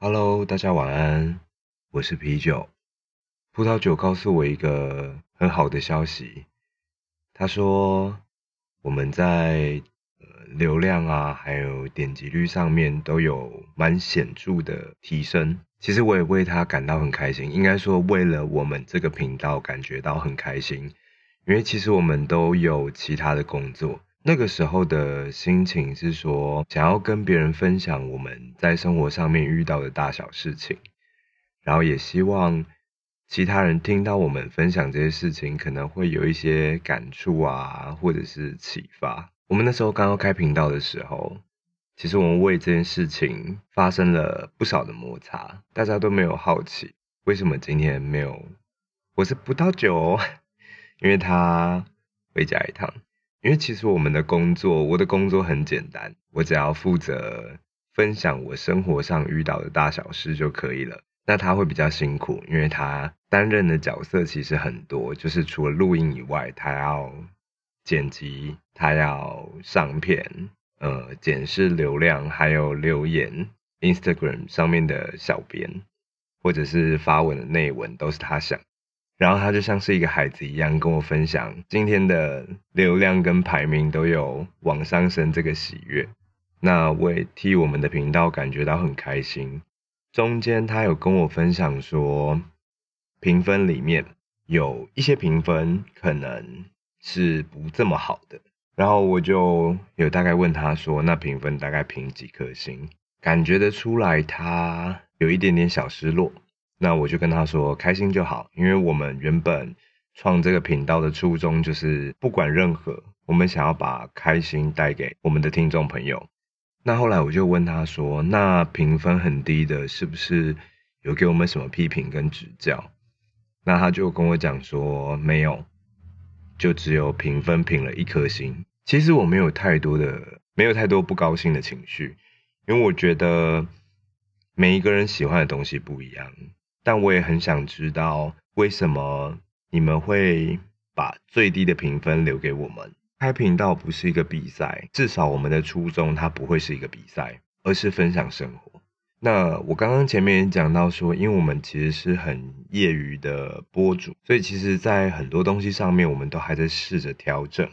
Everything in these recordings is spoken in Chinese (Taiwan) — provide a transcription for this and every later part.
哈嘍，大家晚安，我是啤酒。葡萄酒告訴我一個很好的消息，他說我們在呃流量啊，還有點擊率上面都有蠻顯著的提升。其實我也為他感到很開心，應該說為了我們這個頻道感覺到很開心，因為其實我們都有其他的工作。那個時候的心情是說，想要跟別人分享我們在生活上面遇到的大小事情，然後也希望其他人聽到我們分享這些事情，可能會有一些感觸啊，或者是啟發。我們那時候剛剛開頻道的時候，其實我們為這件事情發生了不少的摩擦，大家都沒有好奇為什麼今天沒有，我是葡萄酒哦？因為他回家一趟。因為其實我們的工作，我的工作很簡單，我只要負責分享我生活上遇到的大小事就可以了。那他會比較辛苦，因為他擔任的角色其實很多，就是除了錄音以外，他要剪輯，他要上片，呃，檢視流量，還有留言，Instagram 上面的小編，或者是發文的內文，都是他想。然後他就像是一個孩子一樣跟我分享今天的流量跟排名都有往上升這個喜悅，那我也替我們的頻道感覺到很開心。中間他有跟我分享說，評分裡面有一些評分可能是不這麼好的，然後我就有大概問他說，那評分大概評幾顆星？感覺得出來他有一點點小失落。那我就跟他說：“開心就好，因為我們原本創這個頻道的初衷就是不管任何，我們想要把開心帶給我們的聽眾朋友。”那後來我就問他說：“那評分很低的，是不是有給我們什麼批評跟指教？”那他就跟我講說：“沒有，就只有評分評了一顆星。”其實我沒有太多的，沒有太多不高興的情緒，因為我覺得每一個人喜歡的東西不一樣。但我也很想知道，為什麼你們會把最低的評分留給我們？開頻道不是一個比賽，至少我們的初衷它不會是一個比賽，而是分享生活。那我剛剛前面也講到說，因為我們其實是很業餘的播主，所以其實在很多東西上面，我們都還在試着調整。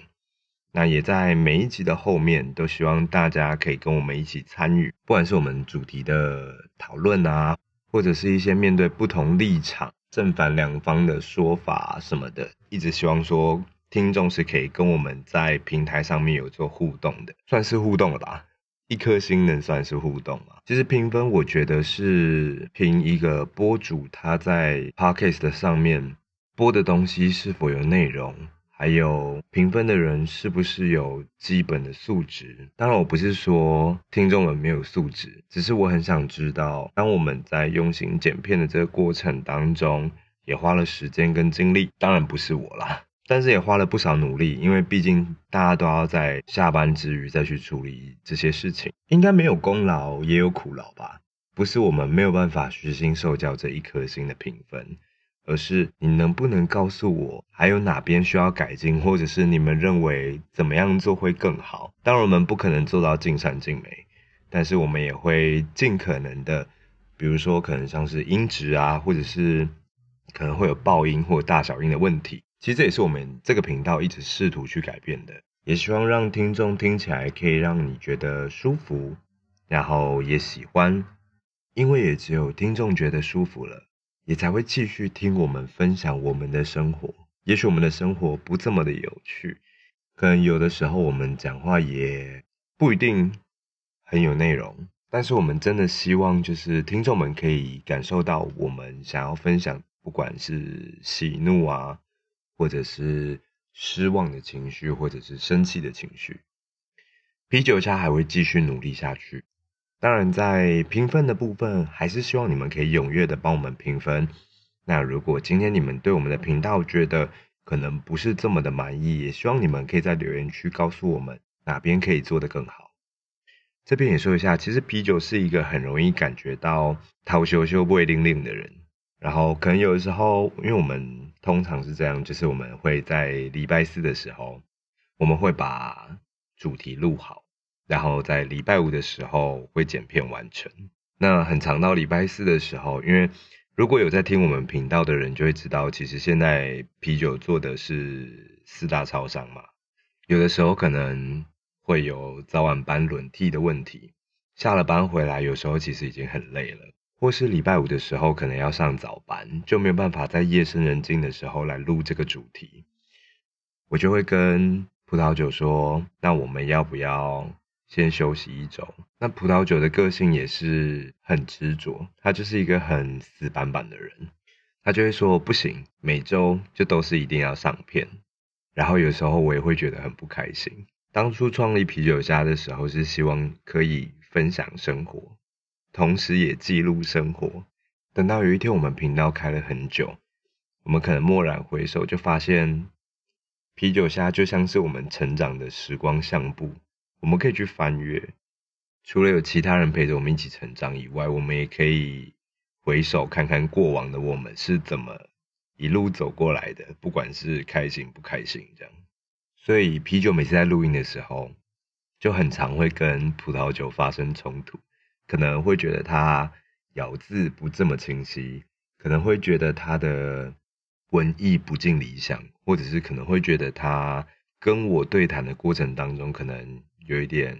那也在每一集的後面，都希望大家可以跟我們一起參與，不管是我們主題的討論啊。或者是一些面對不同立場、正反兩方的說法什麼的，一直希望說聽眾是可以跟我們在平台上面有做互動的，算是互動了吧？一顆星能算是互動嗎？其實評分，我覺得是憑一個播主他在 podcast 的上面播的東西是否有內容。還有評分的人是不是有基本的素質？當然，我不是說聽眾們沒有素質，只是我很想知道，當我們在用心剪片的這個過程當中，也花了時間跟精力。當然不是我啦，但是也花了不少努力，因為畢竟大家都要在下班之餘再去處理這些事情，應該沒有功勞也有苦勞吧？不是我們沒有辦法虛心受教這一顆星的評分。而是你能不能告訴我還有哪邊需要改進，或者是你們認為怎麼樣做會更好？當然我們不可能做到盡善盡美，但是我們也會盡可能的，比如說可能像是音質啊，或者是可能會有爆音或大小音的問題。其實這也是我們這個頻道一直試圖去改變的，也希望讓聽眾聽起來可以讓你覺得舒服，然後也喜歡，因為也只有聽眾覺得舒服了。也才會繼續聽我們分享我們的生活。也許我們的生活不這麼的有趣，可能有的時候我們講話也不一定很有內容。但是我們真的希望，就是聽眾們可以感受到我們想要分享，不管是喜怒啊，或者是失望的情緒，或者是生氣的情緒。啤酒瞎還會繼續努力下去。當然，在評分的部分，還是希望你們可以踴躍的幫我們評分。那如果今天你們對我們的頻道覺得可能不是這麼的滿意，也希望你們可以在留言區告訴我們哪邊可以做得更好。這邊也說一下，其實啤酒是一個很容易感覺到討羞羞、不威零零的人。然後，可能有的時候，因為我們通常是這樣，就是我們會在禮拜四的時候，我們會把主題錄好。然後在禮拜五的時候會剪片完成。那很長到禮拜四的時候，因為如果有在聽我們頻道的人就會知道，其實現在啤酒做的是四大超商嘛。有的時候可能會有早晚班輪替的問題，下了班回來有時候其實已經很累了，或是禮拜五的時候可能要上早班，就沒有辦法在夜深人靜的時候來錄這個主題。我就會跟葡萄酒說：“那我們要不要？”先休息一周。那葡萄酒的個性也是很執着，他就是一個很死板板的人，他就會說不行，每周就都是一定要上片。然後有時候我也會覺得很不開心。當初創立啤酒瞎的時候，是希望可以分享生活，同時也記錄生活。等到有一天我們頻道開了很久，我們可能驀然回首，就發現啤酒瞎就像是我們成長的時光相簿。我們可以去翻閱，除了有其他人陪着我們一起成長以外，我們也可以回首看看過往的我們是怎麼一路走過來的，不管是開心不開心，這樣。所以啤酒每次在錄音的時候，就很常會跟葡萄酒發生衝突，可能會覺得它咬字不這麼清晰，可能會覺得它的文意不盡理想，或者是可能會覺得它跟我對談的過程當中，可能。有一點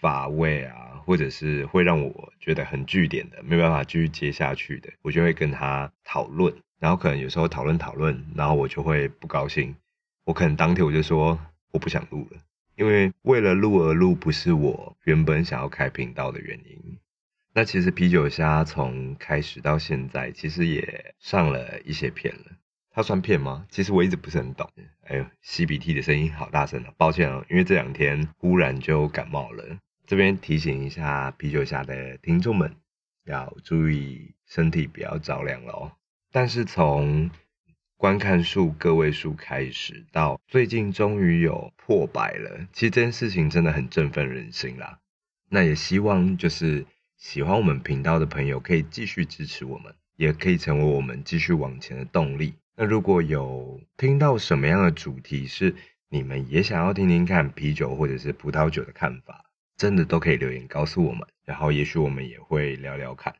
乏味啊，或者是會讓我覺得很句點的，沒有辦法繼續接下去的，我就會跟他討論。然後可能有時候討論討論，然後我就會不高興。我可能當天我就說我不想錄了，因為為了錄而錄不是我原本想要開頻道的原因。那其實啤酒瞎從開始到現在，其實也上了一些片了。他算片嗎？其實我一直不是很懂。哎呦，吸鼻涕的聲音好大聲啊！抱歉啊、哦，因為這兩天忽然就感冒了。這邊提醒一下啤酒瞎的聽眾們，要注意身體，不要着涼了哦。但是從觀看數個位數開始，到最近終於有破百了，其實這件事情真的很振奮人心啦。那也希望就是喜歡我們頻道的朋友可以繼續支持我們，也可以成為我們繼續往前的動力。那如果有聽到什麼樣的主題是你們也想要聽聽看啤酒或者是葡萄酒的看法，真的都可以留言告訴我們，然後也許我們也會聊聊看。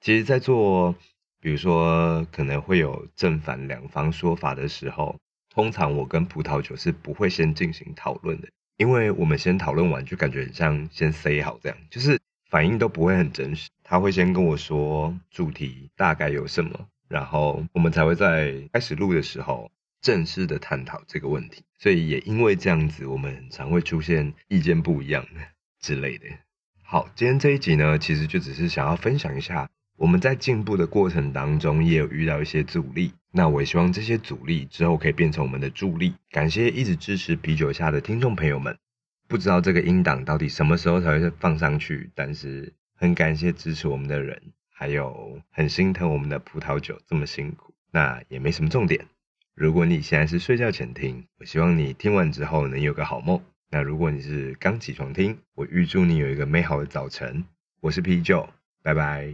其實，在做，比如說可能會有正反兩方說法的時候，通常我跟葡萄酒是不會先進行討論的，因為我們先討論完就感覺很像先塞好這樣，就是反應都不會很真實。他會先跟我說主題大概有什麼。然後我們才會在開始錄的時候正式的探討這個問題，所以也因為這樣子，我們常會出現意見不一樣的之類的。好，今天這一集呢，其實就只是想要分享一下我們在進步的過程當中也有遇到一些阻力，那我也希望這些阻力之後可以變成我們的助力。感謝一直支持啤酒瞎的聽眾朋友們，不知道這個音檔到底什麼時候才會放上去，但是很感謝支持我們的人。還有很心疼我們的葡萄酒這麼辛苦，那也沒什麼重點。如果你現在是睡覺前聽，我希望你聽完之後能有個好夢。那如果你是剛起床聽，我預祝你有一個美好的早晨。我是啤酒，拜拜。